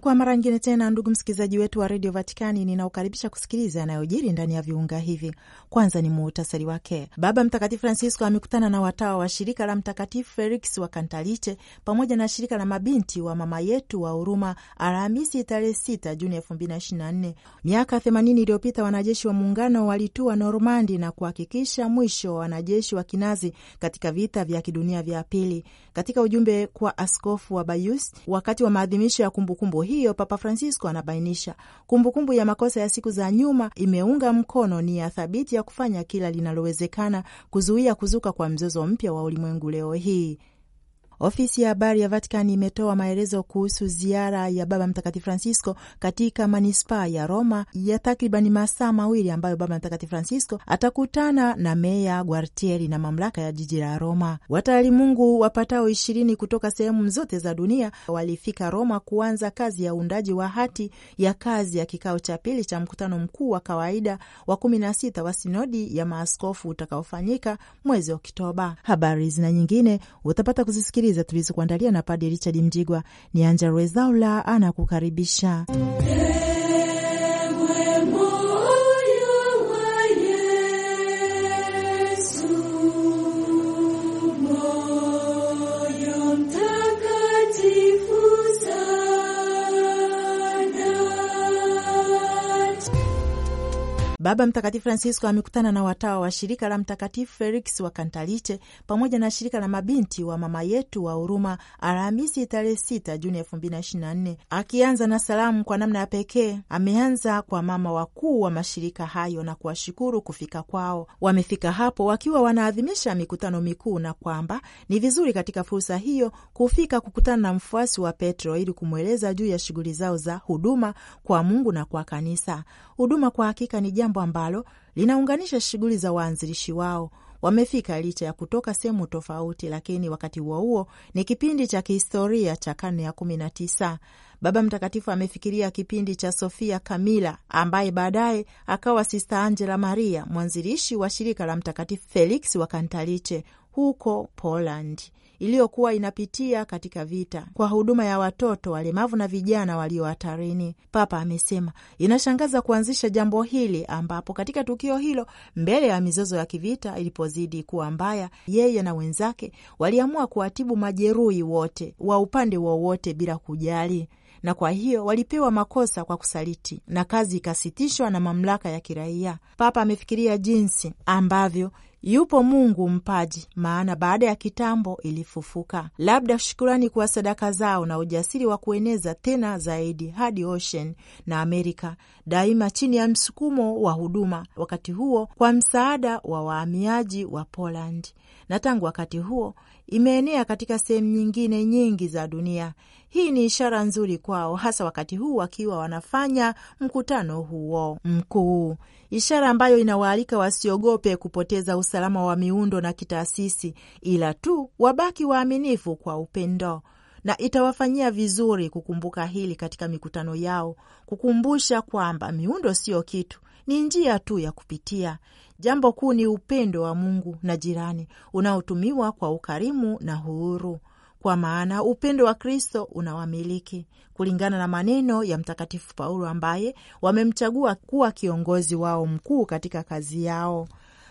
Kwa mara nyingine tena, ndugu msikilizaji wetu wa redio Vatikani, ninaokaribisha kusikiliza yanayojiri ndani ya viunga hivi. Kwanza ni muhutasari wake. Baba Mtakatifu Francisco amekutana na watawa wa shirika la Mtakatifu Felix wa Kantalite pamoja na shirika la mabinti wa mama yetu wa huruma Alhamisi tarehe 6 Juni 2024. Miaka 80 iliyopita wanajeshi wa muungano walitua Normandi na kuhakikisha mwisho wa wanajeshi wa kinazi katika vita vya kidunia vya pili. Katika ujumbe kwa askofu wa Bayus wakati wa maadhimisho ya kumbukumbu hiyo, Papa Francisco anabainisha kumbukumbu kumbu ya makosa ya siku za nyuma imeunga mkono nia thabiti ya kufanya kila linalowezekana kuzuia kuzuka kwa mzozo mpya wa ulimwengu leo hii. Ofisi ya habari ya Vatican imetoa maelezo kuhusu ziara ya Baba Mtakatifu Francisco katika manispaa ya Roma ya takribani masaa mawili ambayo Baba Mtakatifu Francisco atakutana na meya Guartieri na mamlaka ya jiji la Roma. mungu wapatao ishirini kutoka sehemu zote za dunia walifika Roma kuanza kazi ya uundaji wa hati ya kazi ya kikao cha pili cha mkutano mkuu wa kawaida wa kumi na sita wa sinodi ya maaskofu utakaofanyika mwezi Oktoba. Habari zina nyingine utapata kuzisikiliza kusikiliza tulizokuandalia na Padre Richard Mjigwa. Ni Anja Rwezaula anakukaribisha. Baba Mtakatifu Francisco amekutana na watawa wa shirika la Mtakatifu Felix wa Kantaliche pamoja na shirika la mabinti wa mama yetu wa huruma Alhamisi tarehe 6 Juni 2024. Akianza na salamu kwa namna ya pekee, ameanza kwa mama wakuu wa mashirika hayo na kuwashukuru kufika kwao. Wamefika hapo wakiwa wanaadhimisha mikutano mikuu, na kwamba ni vizuri katika fursa hiyo kufika kukutana na mfuasi wa Petro ili kumweleza juu ya shughuli zao za huduma kwa Mungu na kwa kanisa. Huduma kwa hakika ni jambo jambo ambalo linaunganisha shughuli za waanzilishi wao. Wamefika licha ya kutoka sehemu tofauti, lakini wakati huo huo ni kipindi cha kihistoria cha karne ya kumi na tisa. Baba Mtakatifu amefikiria kipindi cha Sofia Kamila ambaye baadaye akawa Sista Angela Maria, mwanzilishi wa shirika la Mtakatifu felix wa Kantaliche huko Poland iliyokuwa inapitia katika vita kwa huduma ya watoto walemavu na vijana walio hatarini. Papa amesema inashangaza kuanzisha jambo hili, ambapo katika tukio hilo, mbele ya mizozo ya kivita ilipozidi kuwa mbaya, yeye na wenzake waliamua kuwatibu majeruhi wote wa upande wowote bila kujali na kwa hiyo walipewa makosa kwa kusaliti na kazi ikasitishwa na mamlaka ya kiraia. Papa amefikiria jinsi ambavyo yupo Mungu mpaji, maana baada ya kitambo ilifufuka. Labda shukurani kwa sadaka zao na ujasiri wa kueneza tena zaidi hadi Ocean na Amerika, daima chini ya msukumo wa huduma, wakati huo kwa msaada wa wahamiaji wa Poland, na tangu wakati huo imeenea katika sehemu nyingine nyingi za dunia. Hii ni ishara nzuri kwao, hasa wakati huu wakiwa wanafanya mkutano huo mkuu, ishara ambayo inawaalika wasiogope kupoteza usalama wa miundo na kitaasisi, ila tu wabaki waaminifu kwa upendo na itawafanyia vizuri kukumbuka hili katika mikutano yao, kukumbusha kwamba miundo siyo kitu, ni njia tu ya kupitia. Jambo kuu ni upendo wa Mungu na jirani unaotumiwa kwa ukarimu na uhuru, kwa maana upendo wa Kristo unawamiliki kulingana na maneno ya Mtakatifu Paulo ambaye wamemchagua kuwa kiongozi wao mkuu katika kazi yao.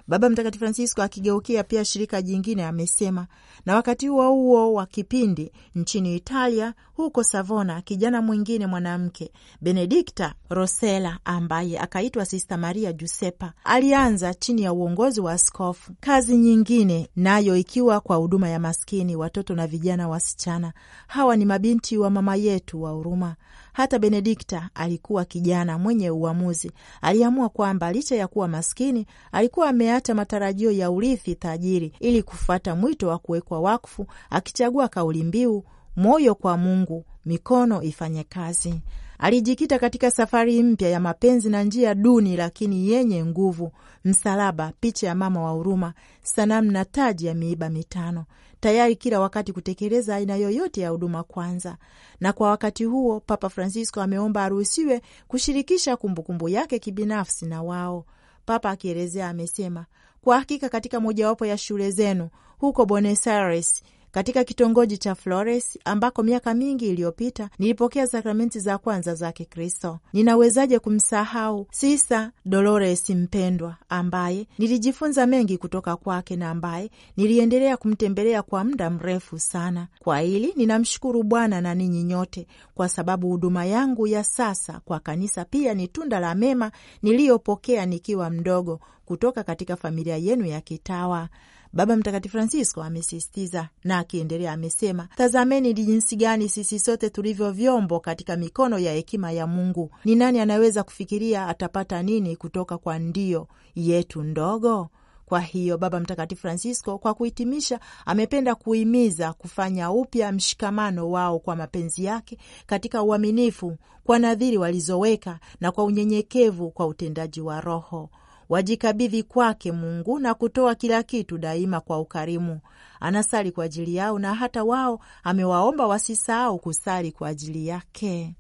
Baba Mtakatifu Francisco akigeukia pia shirika jingine amesema, na wakati huo huo wa kipindi nchini Italia, huko Savona, kijana mwingine mwanamke Benedikta Rosela ambaye akaitwa Sista Maria Jusepa alianza chini ya uongozi wa askofu kazi nyingine, nayo ikiwa kwa huduma ya maskini, watoto na vijana wasichana. Hawa ni mabinti wa mama yetu wa huruma hata Benedikta alikuwa kijana mwenye uamuzi. Aliamua kwamba licha ya kuwa maskini, alikuwa ameacha matarajio ya urithi tajiri ili kufuata mwito wa kuwekwa wakfu, akichagua kauli mbiu moyo kwa Mungu, mikono ifanye kazi. Alijikita katika safari mpya ya mapenzi na njia duni lakini yenye nguvu: msalaba, picha ya mama wa huruma, sanamu na taji ya miiba mitano tayari kila wakati kutekeleza aina yoyote ya huduma kwanza, na kwa wakati huo Papa Francisco ameomba aruhusiwe kushirikisha kumbukumbu yake kibinafsi na wao. Papa akielezea amesema, kwa hakika katika mojawapo ya shule zenu huko Buenos Aires katika kitongoji cha Flores ambako miaka mingi iliyopita nilipokea sakramenti za kwanza za Kikristo. Ninawezaje kumsahau Sisa Dolores mpendwa, ambaye nilijifunza mengi kutoka kwake na ambaye niliendelea kumtembelea kwa muda mrefu sana. Kwa hili ninamshukuru Bwana na ninyi nyote, kwa sababu huduma yangu ya sasa kwa kanisa pia ni tunda la mema niliyopokea nikiwa mdogo kutoka katika familia yenu ya kitawa. Baba Mtakatifu Francisco amesisitiza na akiendelea amesema, tazameni ni jinsi gani sisi sote tulivyo vyombo katika mikono ya hekima ya Mungu. Ni nani anaweza kufikiria atapata nini kutoka kwa ndio yetu ndogo? Kwa hiyo Baba Mtakatifu Francisco, kwa kuhitimisha, amependa kuhimiza kufanya upya mshikamano wao kwa mapenzi yake katika uaminifu, kwa nadhiri walizoweka na kwa unyenyekevu kwa utendaji wa Roho wajikabidhi kwake Mungu na kutoa kila kitu daima kwa ukarimu. Anasali kwa ajili yao na hata wao amewaomba wasisahau kusali kwa ajili yake.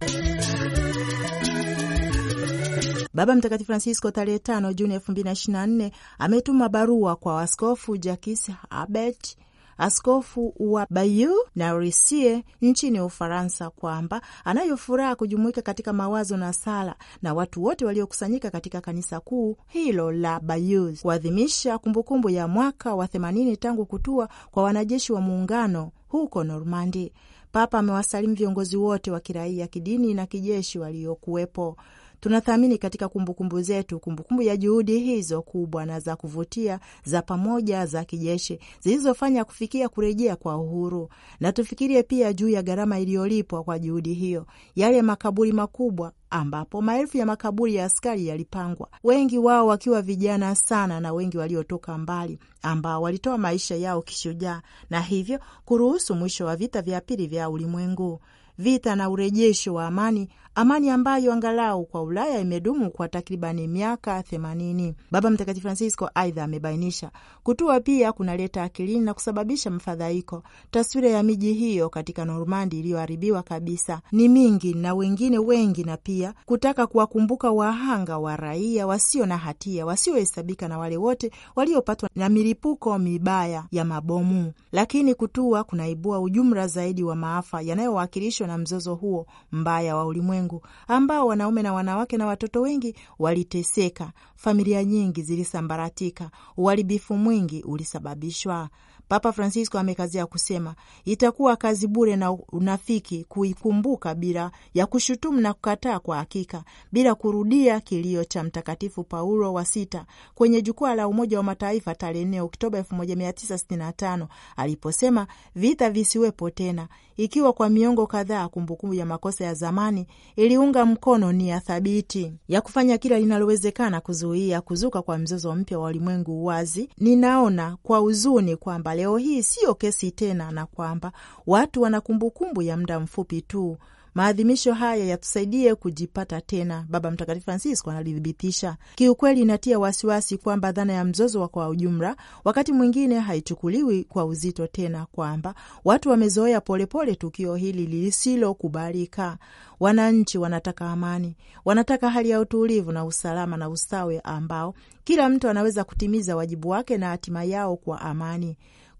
Baba Mtakatifu Francisco tarehe 5 Juni 2024 ametuma barua kwa waskofu Jakis Abet askofu wa Bayeux na Risie nchini Ufaransa kwamba anayo furaha kujumuika katika mawazo na sala na watu wote waliokusanyika katika kanisa kuu hilo la Bayeux kuadhimisha kumbukumbu ya mwaka wa themanini tangu kutua kwa wanajeshi wa muungano huko Normandi. Papa amewasalimu viongozi wote wa kiraia, kidini na kijeshi waliokuwepo. Tunathamini katika kumbukumbu kumbu zetu kumbukumbu ya juhudi hizo kubwa na za kuvutia za pamoja za kijeshi zilizofanya kufikia kurejea kwa uhuru, na tufikirie pia juu ya gharama iliyolipwa kwa juhudi hiyo, yale makaburi makubwa ambapo maelfu ya makaburi ya askari yalipangwa, wengi wao wakiwa vijana sana na wengi waliotoka mbali, ambao walitoa maisha yao kishujaa na hivyo kuruhusu mwisho wa vita vya pili vya ulimwengu vita na urejesho wa amani, amani ambayo angalau kwa Ulaya imedumu kwa takribani miaka themanini. Baba Mtakatifu Francisco aidha amebainisha kutua pia kunaleta akilini na kusababisha mfadhaiko. Taswira ya miji hiyo katika Normandi iliyoharibiwa kabisa ni mingi na wengine wengi, na pia kutaka kuwakumbuka wahanga wa raia wasio na hatia wasiohesabika na wale wote waliopatwa na milipuko mibaya ya mabomu, lakini kutua kunaibua ujumla zaidi wa maafa yanayowakilishwa na mzozo huo mbaya wa ulimwengu ambao wanaume na wanawake na watoto wengi waliteseka, familia nyingi zilisambaratika, uharibifu mwingi ulisababishwa. Papa Francisco amekazia kusema itakuwa kazi bure na unafiki kuikumbuka bila ya kushutumu na kukataa kwa hakika, bila kurudia kilio cha Mtakatifu Paulo wa Sita kwenye jukwaa la Umoja wa Mataifa tarehe 4 Oktoba 1965 aliposema, vita visiwepo tena, ikiwa kwa miongo kadhaa kumbukumbu ya makosa ya zamani iliunga mkono nia thabiti ya kufanya kila linalowezekana kuzuia kuzuka kwa mzozo mpya wa ulimwengu uwazi Ninaona kwa huzuni kwamba leo hii siyo kesi tena, na kwamba watu wana kumbukumbu ya muda mfupi tu Maadhimisho haya yatusaidie kujipata tena. Baba Mtakatifu Francisco analithibitisha. Kiukweli inatia wasiwasi kwamba dhana ya mzozo kwa ujumla wakati mwingine haichukuliwi kwa uzito tena, kwamba watu wamezoea polepole tukio hili lisilokubalika. Wananchi wanataka amani, wanataka hali ya utulivu na usalama na ustawi ambao kila mtu anaweza kutimiza wajibu wake na hatima yao kwa amani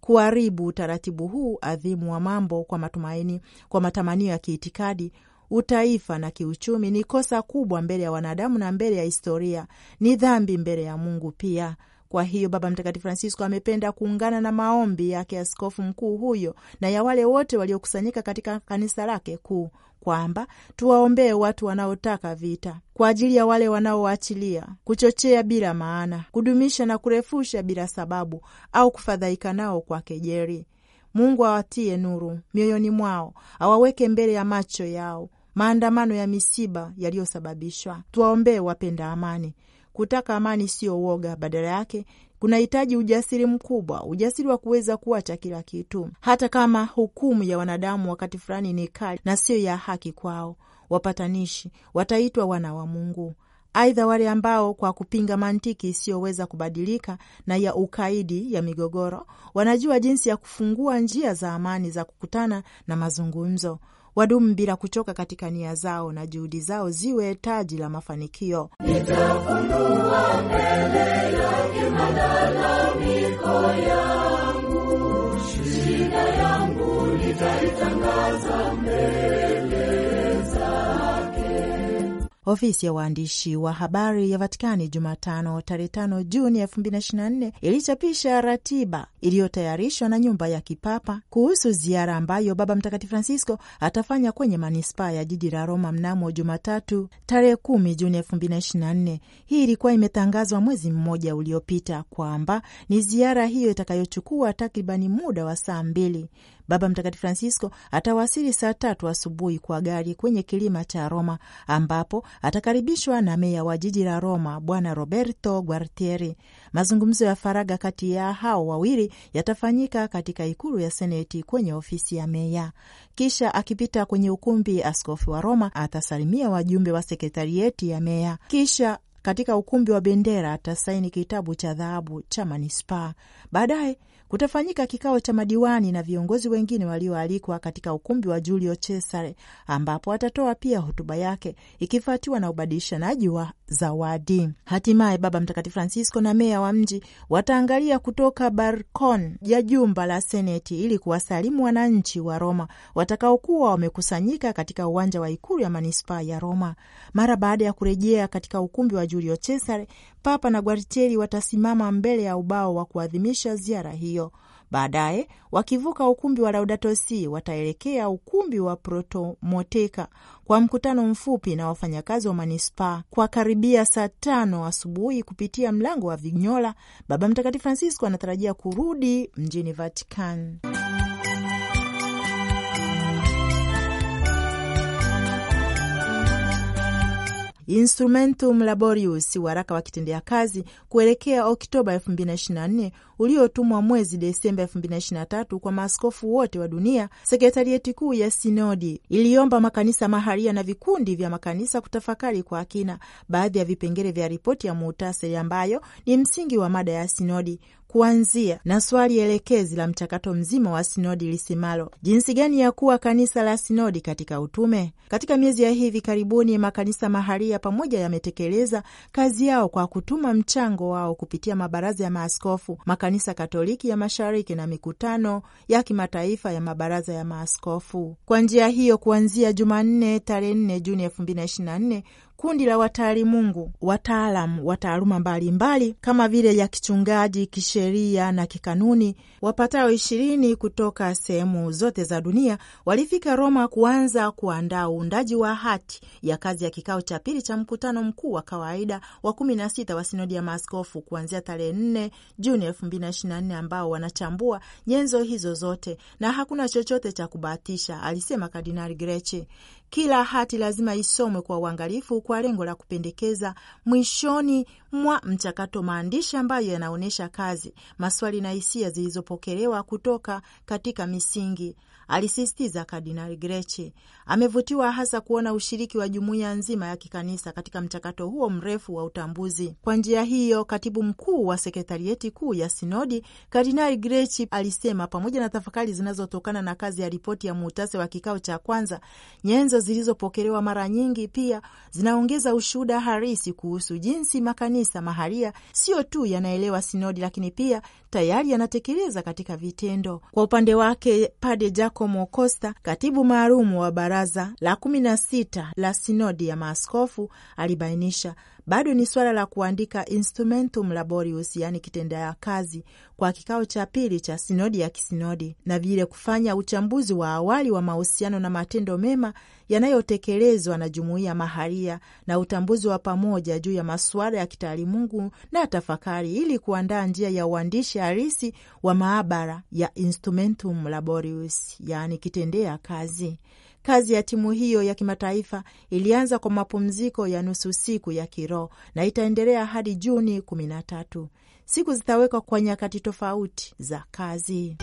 kuharibu utaratibu huu adhimu wa mambo kwa matumaini, kwa matamanio ya kiitikadi utaifa na kiuchumi ni kosa kubwa mbele ya wanadamu na mbele ya historia, ni dhambi mbele ya Mungu pia. Kwa hiyo Baba Mtakatifu Francisco amependa kuungana na maombi yake askofu mkuu huyo na ya wale wote waliokusanyika katika kanisa lake kuu kwamba tuwaombee watu wanaotaka vita, kwa ajili ya wale wanaoachilia, kuchochea bila maana, kudumisha na kurefusha bila sababu, au kufadhaika nao kwa kejeli. Mungu awatie nuru mioyoni mwao, awaweke mbele ya macho yao maandamano ya misiba yaliyosababishwa. Tuwaombee wapenda amani, Kutaka amani siyo uoga, badala yake kunahitaji ujasiri mkubwa, ujasiri wa kuweza kuacha kila kitu, hata kama hukumu ya wanadamu wakati fulani ni kali na siyo ya haki kwao. Wapatanishi wataitwa wana wa Mungu. Aidha, wale ambao kwa kupinga mantiki isiyoweza kubadilika na ya ukaidi ya migogoro wanajua jinsi ya kufungua njia za amani za kukutana na mazungumzo wadumu bila kuchoka katika nia zao, na juhudi zao ziwe taji la mafanikio. Nitafunua mbele yake malalamiko yangu, shida yangu nitaitangaza mbele Ofisi ya waandishi wa habari ya Vatikani Jumatano tarehe 5 Juni 2024 ilichapisha ratiba iliyotayarishwa na nyumba ya kipapa kuhusu ziara ambayo Baba Mtakatifu Francisco atafanya kwenye manispaa ya jiji la Roma mnamo Jumatatu tarehe 10 Juni 2024. Hii ilikuwa imetangazwa mwezi mmoja uliopita kwamba ni ziara hiyo itakayochukua takribani muda wa saa mbili. Baba Mtakatifu Francisco atawasili saa tatu asubuhi kwa gari kwenye kilima cha Roma ambapo atakaribishwa na meya wa jiji la Roma Bwana Roberto Guartieri. Mazungumzo ya faragha kati ya hao wawili yatafanyika katika ikulu ya Seneti kwenye ofisi ya meya. Kisha akipita kwenye ukumbi, askofu wa Roma atasalimia wajumbe wa sekretarieti ya meya, kisha katika ukumbi wa bendera atasaini kitabu cha dhahabu cha manispaa. Baadaye kutafanyika kikao cha madiwani na viongozi wengine walioalikwa katika ukumbi wa Julio Cesare, ambapo atatoa pia hotuba yake ikifuatiwa na ubadilishanaji wa zawadi. Hatimaye Baba Mtakatifu Francisco na meya wa mji wataangalia kutoka barcon ya jumba la Seneti ili kuwasalimu wananchi wa Roma watakaokuwa wamekusanyika katika uwanja wa ikulu ya manispaa ya Roma. Mara baada ya kurejea katika ukumbi wa Julio Cesare, Papa na Guartieri watasimama mbele ya ubao wa kuadhimisha ziara hiyo hiyo. Baadaye wakivuka ukumbi wa Laudato Si wataelekea ukumbi wa Protomoteka kwa mkutano mfupi na wafanyakazi wa manispaa kwa karibia saa tano asubuhi kupitia mlango wa Vignola. Baba Mtakatifu Francisco anatarajia kurudi mjini Vatican. Instrumentum Laborius, waraka wa kitendea kazi kuelekea Oktoba 2024 uliotumwa mwezi Desemba 2023 kwa maaskofu wote wa dunia, sekretarieti kuu ya sinodi iliomba makanisa maharia na vikundi vya makanisa kutafakari kwa kina baadhi ya vipengele vya ripoti ya muhtasari ambayo ni msingi wa mada ya sinodi kuanzia na swali elekezi la mchakato mzima wa sinodi lisimalo jinsi gani ya kuwa kanisa la sinodi katika utume. Katika miezi ya hivi karibuni, makanisa maharia pamoja yametekeleza kazi yao kwa kutuma mchango wao kupitia mabaraza ya maaskofu maka Kanisa Katoliki ya Mashariki na mikutano ya kimataifa ya mabaraza ya maaskofu. Kwa njia hiyo, kuanzia Jumanne tarehe 4 Juni 2024 kundi la wataalimungu, wataalam wa taaluma mbalimbali kama vile ya kichungaji, kisheria na kikanuni, wapatao ishirini kutoka sehemu zote za dunia walifika Roma kuanza kuandaa uundaji wa hati ya kazi ya kikao cha pili cha mkutano mkuu wa kawaida wa kumi na sita wa sinodi ya maaskofu kuanzia tarehe 4 Juni nne ambao wanachambua nyenzo hizo zote na hakuna chochote cha kubahatisha, alisema Kardinali Grechi. Kila hati lazima isomwe kwa uangalifu kwa lengo la kupendekeza mwishoni mwa mchakato maandishi ambayo yanaonyesha kazi, maswali na hisia zilizopokelewa kutoka katika misingi alisisitiza Kardinali Grechi. Amevutiwa hasa kuona ushiriki wa jumuiya nzima ya kikanisa katika mchakato huo mrefu wa utambuzi. Kwa njia hiyo, katibu mkuu wa sekretarieti kuu ya sinodi Kardinali Grechi alisema, pamoja na tafakari zinazotokana na kazi ya ripoti ya muhtasari wa kikao cha kwanza, nyenzo zilizopokelewa mara nyingi pia zinaongeza ushuhuda harisi kuhusu jinsi makanisa maharia sio tu yanaelewa sinodi, lakini pia tayari yanatekeleza katika vitendo. Kwa upande wake, Pade Jacob Giacomo Costa, katibu maalumu wa baraza la kumi na sita la sinodi ya maaskofu, alibainisha bado ni suala la kuandika Instrumentum Laborius, yaani kitendea kazi, kwa kikao cha pili cha sinodi ya kisinodi, na vile kufanya uchambuzi wa awali wa mahusiano na matendo mema yanayotekelezwa na jumuiya maharia na utambuzi wa pamoja juu ya masuala ya kitaalimungu na tafakari, ili kuandaa njia ya uandishi halisi wa maabara ya Instrumentum Laborius, yaani kitendea kazi. Kazi ya timu hiyo ya kimataifa ilianza kwa mapumziko ya nusu siku ya kiroho na itaendelea hadi Juni 13. Siku zitawekwa kwa nyakati tofauti za kazi.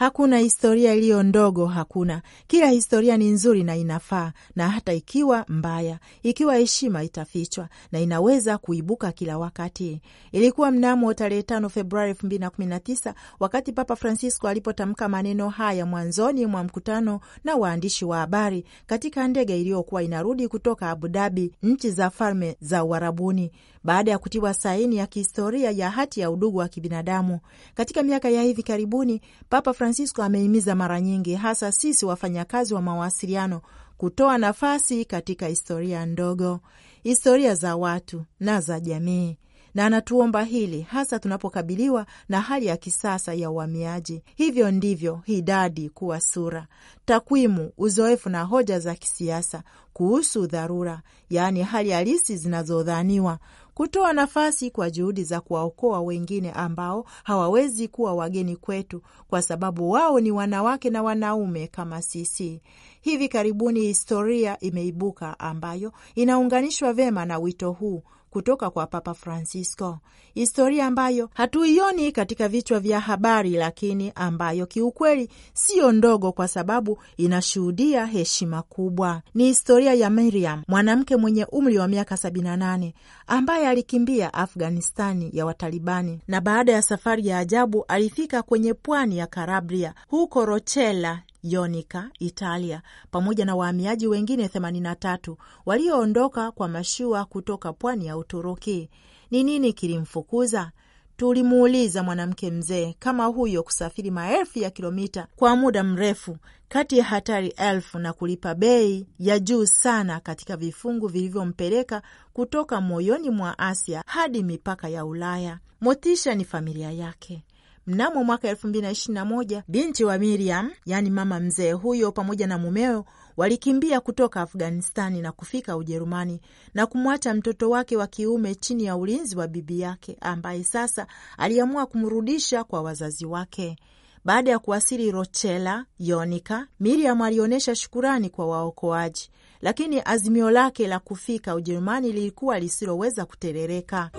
Hakuna historia iliyo ndogo, hakuna. Kila historia ni nzuri na inafaa, na hata ikiwa mbaya, ikiwa heshima itafichwa na inaweza kuibuka kila wakati. Ilikuwa mnamo tarehe 5 Februari 2019 wakati Papa Francisco alipotamka maneno haya mwanzoni mwa mkutano na waandishi wa habari katika ndege iliyokuwa inarudi kutoka Abu Dhabi, nchi za Falme za Uarabuni baada ya kutiwa saini ya kihistoria ya hati ya udugu wa kibinadamu. Katika miaka ya hivi karibuni, Papa Francisco amehimiza mara nyingi, hasa sisi wafanyakazi wa mawasiliano, kutoa nafasi katika historia ndogo, historia za watu na za jamii na anatuomba hili hasa tunapokabiliwa na hali ya kisasa ya uhamiaji. Hivyo ndivyo idadi kuwa sura, takwimu, uzoefu na hoja za kisiasa kuhusu dharura, yaani hali halisi zinazodhaniwa kutoa nafasi kwa juhudi za kuwaokoa wengine ambao hawawezi kuwa wageni kwetu kwa sababu wao ni wanawake na wanaume kama sisi. Hivi karibuni historia imeibuka ambayo inaunganishwa vema na wito huu kutoka kwa Papa Francisco, historia ambayo hatuioni katika vichwa vya habari, lakini ambayo kiukweli siyo ndogo, kwa sababu inashuhudia heshima kubwa. Ni historia ya Miriam, mwanamke mwenye umri wa miaka 78 ambaye alikimbia Afganistani ya Watalibani na baada ya safari ya ajabu alifika kwenye pwani ya Karabria huko Rochela Yonika, Italia, pamoja na wahamiaji wengine 83 walioondoka kwa mashua kutoka pwani ya Uturuki. Ni nini kilimfukuza? Tulimuuliza mwanamke mzee kama huyo kusafiri maelfu ya kilomita kwa muda mrefu kati ya hatari elfu na kulipa bei ya juu sana katika vifungu vilivyompeleka kutoka moyoni mwa Asia hadi mipaka ya Ulaya. Motisha ni familia yake. Mnamo mwaka 2021 binti wa Miriam, yaani mama mzee huyo, pamoja na mumeo walikimbia kutoka Afghanistani na kufika Ujerumani na kumwacha mtoto wake wa kiume chini ya ulinzi wa bibi yake ambaye sasa aliamua kumrudisha kwa wazazi wake. Baada ya kuwasili Rochela, Yonika, Miriam alionyesha shukurani kwa waokoaji, lakini azimio lake la kufika Ujerumani lilikuwa lisiloweza kuterereka.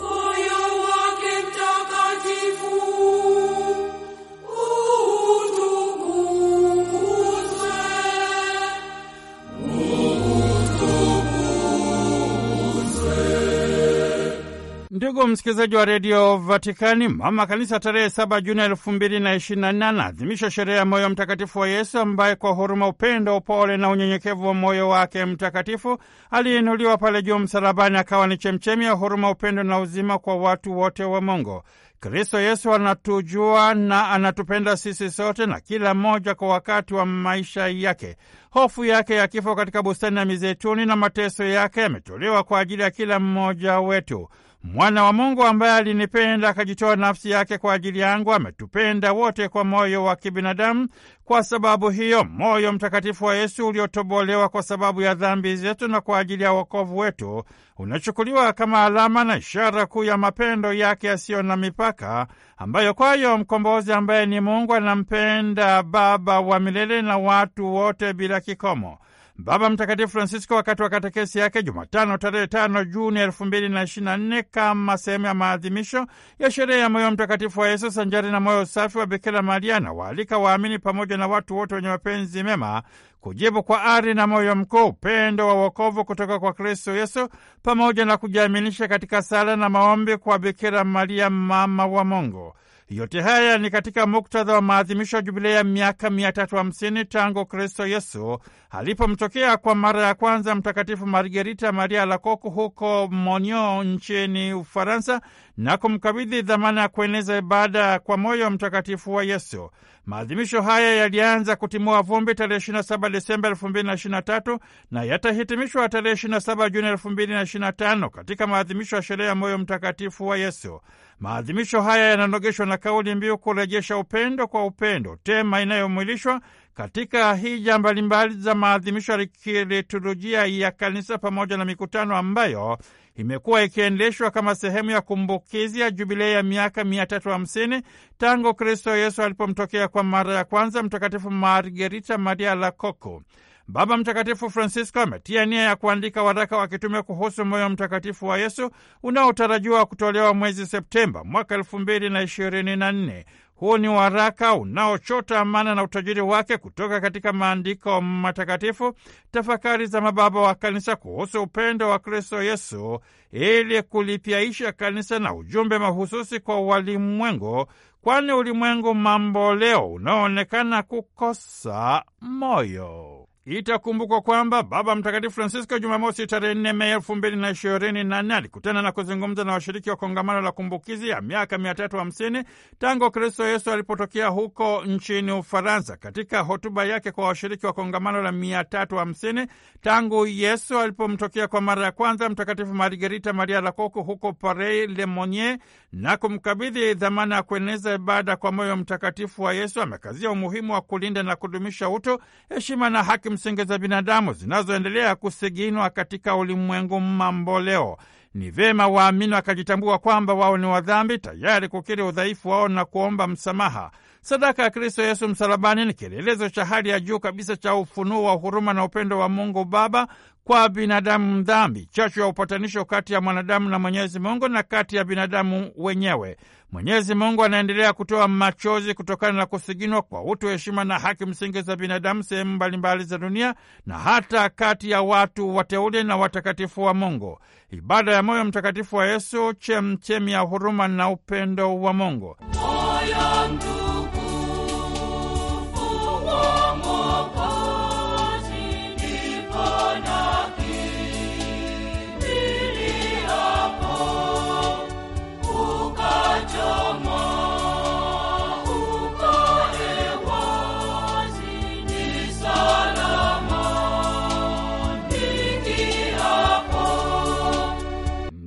Ndugu msikilizaji wa redio Vatikani, mama kanisa tarehe saba Juni elfu mbili na ishirini na nne anaadhimisha sherehe ya moyo mtakatifu wa Yesu ambaye kwa huruma, upendo, upole na unyenyekevu wa moyo wake mtakatifu aliyeinuliwa pale juu msalabani akawa ni chemchemi ya huruma, upendo na uzima kwa watu wote wa Mungu. Kristo Yesu anatujua na anatupenda sisi sote na kila mmoja kwa wakati wa maisha yake. Hofu yake ya kifo katika bustani ya Mizeituni na mateso yake yametolewa kwa ajili ya kila mmoja wetu. Mwana wa Mungu ambaye alinipenda akajitoa nafsi yake kwa ajili yangu, ametupenda wote kwa moyo wa kibinadamu. Kwa sababu hiyo, moyo mtakatifu wa Yesu uliotobolewa kwa sababu ya dhambi zetu na kwa ajili ya wokovu wetu unachukuliwa kama alama na ishara kuu ya mapendo yake yasiyo na mipaka, ambayo kwayo mkombozi ambaye ni Mungu anampenda Baba wa milele na watu wote bila kikomo. Baba Mtakatifu Francisco wakati wa katekesi yake Jumatano tarehe tano Juni elfu mbili na na nne kama sehemu ya maadhimisho ya sherehe ya moyo mtakatifu wa Yesu sanjari na moyo safi wa Bikira Maria na waalika waamini pamoja na watu wote wenye mapenzi mema kujibu kwa ari na moyo mkuu upendo wa wokovu kutoka kwa Kristo Yesu pamoja na kujiaminisha katika sala na maombi kwa Bikira Maria mama wa Mungu. Yote haya ni katika muktadha wa maadhimisho ya jubilei ya miaka 350 tangu Kristo Yesu alipomtokea kwa mara ya kwanza Mtakatifu Margerita Maria lacok huko Monio nchini Ufaransa na kumkabidhi dhamana ya kueneza ibada kwa moyo mtakatifu wa Yesu. Maadhimisho haya yalianza kutimua vumbi tarehe 27 Desemba 2023 na yatahitimishwa tarehe 27 Juni 2025 katika maadhimisho ya sherehe ya moyo mtakatifu wa Yesu. Maadhimisho haya yananogeshwa na kauli mbiu kurejesha upendo kwa upendo, tema inayomwilishwa katika hija mbalimbali za maadhimisho ya kiliturujia ya kanisa pamoja na mikutano ambayo imekuwa ikiendeshwa kama sehemu ya kumbukizi ya jubilei ya miaka mia tatu hamsini tangu Kristo Yesu alipomtokea kwa mara ya kwanza Mtakatifu Margherita Maria coco Baba Mtakatifu Francisco ametia nia ya kuandika waraka wa kitume kuhusu moyo mtakatifu wa Yesu unaotarajiwa kutolewa mwezi Septemba mwaka elfu mbili na ishirini na nne. Huu ni waraka unaochota maana na utajiri wake kutoka katika maandiko matakatifu, tafakari za mababa wa kanisa kuhusu upendo wa Kristo Yesu, ili kulipyaisha kanisa na ujumbe mahususi kwa walimwengu, kwani ulimwengu mambo leo unaoonekana kukosa moyo. Itakumbukwa kwamba Baba Mtakatifu Francisco Jumamosi tarehe nne Mei elfu mbili na ishirini na nne alikutana na kuzungumza na washiriki wa kongamano la kumbukizi ya miaka mia tatu hamsini tangu Kristo Yesu alipotokea huko nchini Ufaransa. Katika hotuba yake kwa washiriki wa kongamano la mia tatu hamsini tangu Yesu alipomtokea kwa mara ya kwanza Mtakatifu Margarita Maria Lakoku huko Parei Lemonie na kumkabidhi dhamana ya kueneza ibada kwa moyo mtakatifu wa Yesu, amekazia umuhimu wa kulinda na kudumisha utu, heshima na haki kimsingi za binadamu zinazoendelea kusiginwa katika ulimwengu mamboleo. Ni vema waamini wakajitambua kwamba wao ni wadhambi, tayari kukiri udhaifu wao na kuomba msamaha. Sadaka ya Kristo Yesu msalabani ni kielelezo cha hali ya juu kabisa cha ufunuo wa huruma na upendo wa Mungu Baba kwa binadamu mdhambi, chachu ya upatanisho kati ya mwanadamu na Mwenyezi Mungu na kati ya binadamu wenyewe. Mwenyezi Mungu anaendelea kutoa machozi kutokana na kusiginwa kwa utu, heshima na haki msingi za binadamu sehemu mbalimbali za dunia na hata kati ya watu wateule na watakatifu wa Mungu. Ibada ya moyo mtakatifu wa Yesu, chemchemi ya huruma na upendo wa Mungu.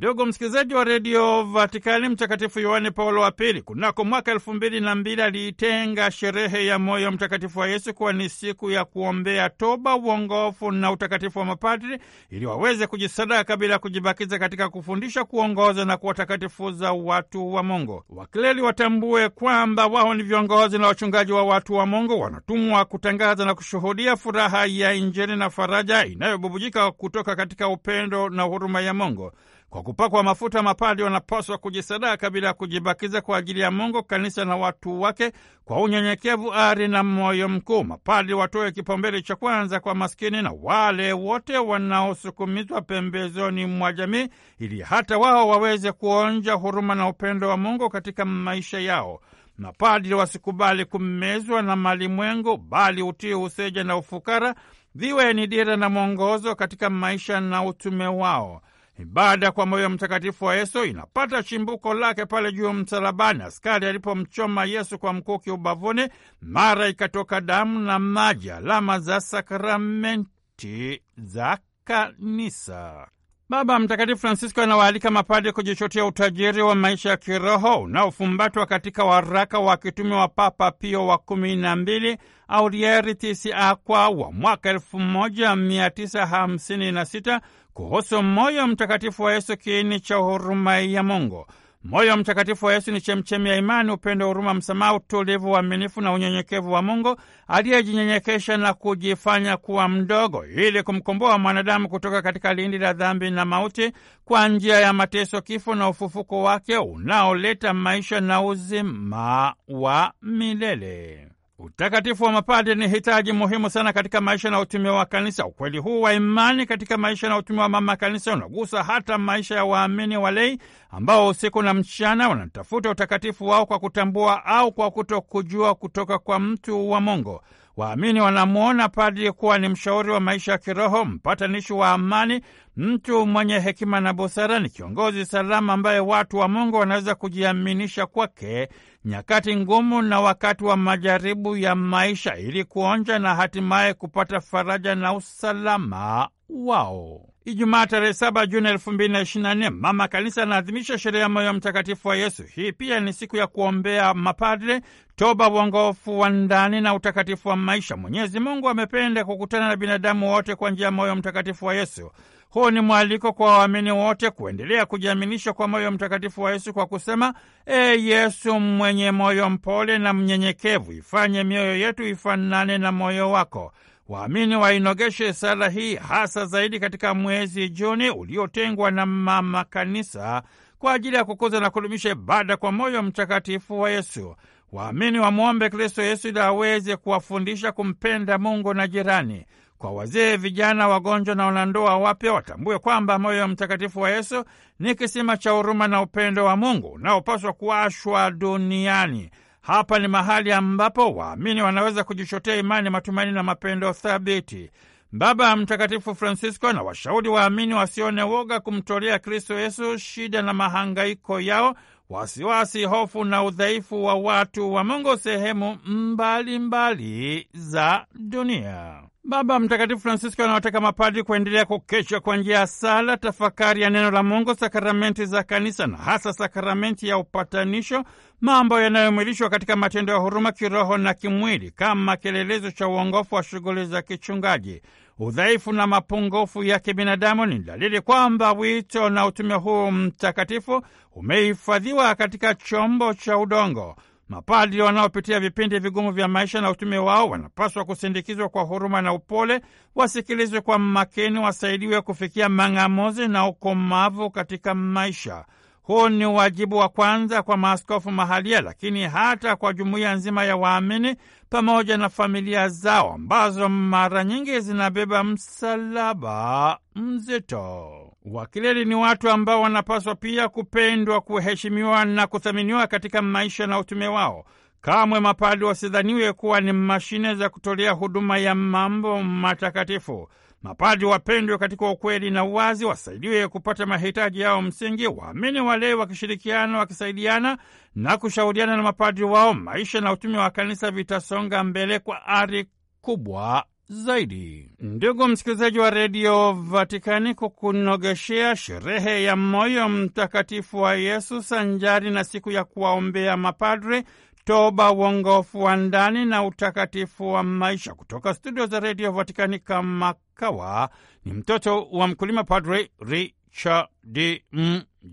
Ndugu msikilizaji wa redio Vatikani, Mtakatifu Yohane Paulo wa Pili kunako mwaka elfu mbili na mbili aliitenga sherehe ya moyo mtakatifu wa Yesu kuwa ni siku ya kuombea toba, uongofu na utakatifu wa mapadri ili waweze kujisadaka bila kujibakiza katika kufundisha, kuongoza na kuwatakatifuza watu wa Mungu. Wakileli watambue kwamba wao ni viongozi na wachungaji wa watu wa Mungu, wanatumwa kutangaza na kushuhudia furaha ya Injili na faraja inayobubujika kutoka katika upendo na huruma ya Mungu. Kwa kupakwa mafuta, mapadi wanapaswa kujisadaka bila ya kujibakiza kwa ajili ya Mungu, kanisa na watu wake, kwa unyenyekevu, ari na moyo mkuu. Mapadri watoe kipaumbele cha kwanza kwa maskini na wale wote wanaosukumizwa pembezoni mwa jamii, ili hata wao waweze kuonja huruma na upendo wa Mungu katika maisha yao. Mapadri wasikubali kumezwa na malimwengu, bali utii, useja na ufukara viwe ni dira na mwongozo katika maisha na utume wao. Ibada kwa moyo mtakatifu wa Yesu inapata chimbuko lake pale juu msalabani, askari alipomchoma Yesu kwa mkuki ubavuni, mara ikatoka damu na maji, alama za sakramenti za kanisa. Baba Mtakatifu Francisco anawaalika mapadri kujichotea utajiri wa maisha ya kiroho unaofumbatwa katika waraka wa kitume wa Papa Pio wa kumi na mbili Aurieritis Aqua wa mwaka elfu moja mia tisa hamsini na sita kuhusu moyo mtakatifu wa Yesu, kiini cha huruma ya Mungu. Moyo mtakatifu wa Yesu ni chemchemi ya imani, upendo, huruma, msamaha, utulivu, uaminifu na unyenyekevu wa Mungu aliyejinyenyekesha na kujifanya kuwa mdogo ili kumkomboa mwanadamu kutoka katika lindi la dhambi na mauti kwa njia ya mateso, kifo na ufufuko wake unaoleta maisha na uzima wa milele. Utakatifu wa mapadri ni hitaji muhimu sana katika maisha na utume wa kanisa. Ukweli huu wa imani katika maisha na utume wa mama kanisa unagusa hata maisha ya waamini walei ambao usiku na mchana wanatafuta utakatifu wao kwa kutambua au kwa kutokujua kutoka kwa mtu wa Mungu. Waamini wanamwona padri kuwa ni mshauri wa maisha ya kiroho, mpatanishi wa amani, mtu mwenye hekima na busara. Ni kiongozi salama ambaye watu wa Mungu wanaweza kujiaminisha kwake nyakati ngumu na wakati wa majaribu ya maisha, ili kuonja na hatimaye kupata faraja na usalama wao. Ijumaa tarehe 7 Juni nne mama kanisa anaadhimisha sherehe ya moyo mtakatifu wa Yesu. Hii pia ni siku ya kuombea mapadre, toba, uongofu wa ndani na utakatifu wa maisha. Mwenyezi Mungu amependa kukutana na binadamu wote kwa njia ya moyo mtakatifu wa Yesu. Huu ni mwaliko kwa waamini wote kuendelea kujiaminisha kwa moyo mtakatifu wa Yesu kwa kusema: E Yesu mwenye moyo mpole na mnyenyekevu, ifanye mioyo yetu ifanane na moyo wako waamini wainogeshe sala hii hasa zaidi katika mwezi Juni uliotengwa na mama kanisa kwa ajili ya kukuza na kudumisha ibada kwa moyo mtakatifu wa Yesu. Waamini wamwombe Kristo Yesu ili aweze kuwafundisha kumpenda Mungu na jirani. Kwa wazee, vijana, wagonjwa na wanandoa wapya watambue kwamba moyo mtakatifu wa Yesu ni kisima cha huruma na upendo wa Mungu unaopaswa kuwashwa duniani. Hapa ni mahali ambapo waamini wanaweza kujichotea imani, matumaini na mapendo thabiti. Baba Mtakatifu Francisco na washauri waamini wasione woga kumtolea Kristo Yesu shida na mahangaiko yao, wasiwasi, hofu na udhaifu wa watu wa Mungu sehemu mbalimbali mbali za dunia. Baba Mtakatifu Francisco anawataka mapadri kuendelea kukesha kwa njia ya sala, tafakari ya neno la Mungu, sakramenti za Kanisa na hasa sakramenti ya upatanisho, mambo yanayomwilishwa katika matendo ya huruma kiroho na kimwili kama kielelezo cha uongofu wa shughuli za kichungaji. Udhaifu na mapungufu ya kibinadamu ni dalili kwamba wito na utume huu mtakatifu umehifadhiwa katika chombo cha udongo. Mapadri wanaopitia vipindi vigumu vya maisha na utume wao wanapaswa kusindikizwa kwa huruma na upole, wasikilizwe kwa makini, wasaidiwe kufikia mang'amuzi na ukomavu katika maisha. Huu ni wajibu wa kwanza kwa maaskofu mahalia, lakini hata kwa jumuiya nzima ya waamini pamoja na familia zao ambazo mara nyingi zinabeba msalaba mzito. Wakileli ni watu ambao wanapaswa pia kupendwa, kuheshimiwa na kuthaminiwa katika maisha na utume wao. Kamwe mapadi wasidhaniwe kuwa ni mashine za kutolea huduma ya mambo matakatifu. Mapadi wapendwe katika ukweli na uwazi, wasaidiwe kupata mahitaji yao msingi. Waamini walei wakishirikiana, wakisaidiana na kushauriana na mapadi wao, maisha na utume wa kanisa vitasonga mbele kwa ari kubwa zaidi. Ndugu msikilizaji wa redio Vatikani, kukunogeshea sherehe ya moyo mtakatifu wa Yesu sanjari na siku ya kuwaombea mapadre, toba, uongofu wa ndani na utakatifu wa maisha. Kutoka studio za redio Vatikani kama kawa, ni mtoto wa mkulima, Padre Richard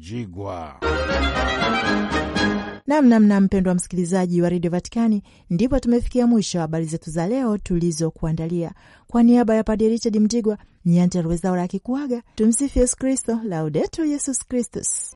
Jigwa. Namnamna mpendwa msikilizaji wa redio Vatikani, ndipo tumefikia mwisho wa habari zetu za leo tulizokuandalia. Kwa niaba ya Padre Richard Mjigwa ni Angella Rwezaura akikuaga. Tumsifu Yesu Kristo, Laudetur Yesus Kristus.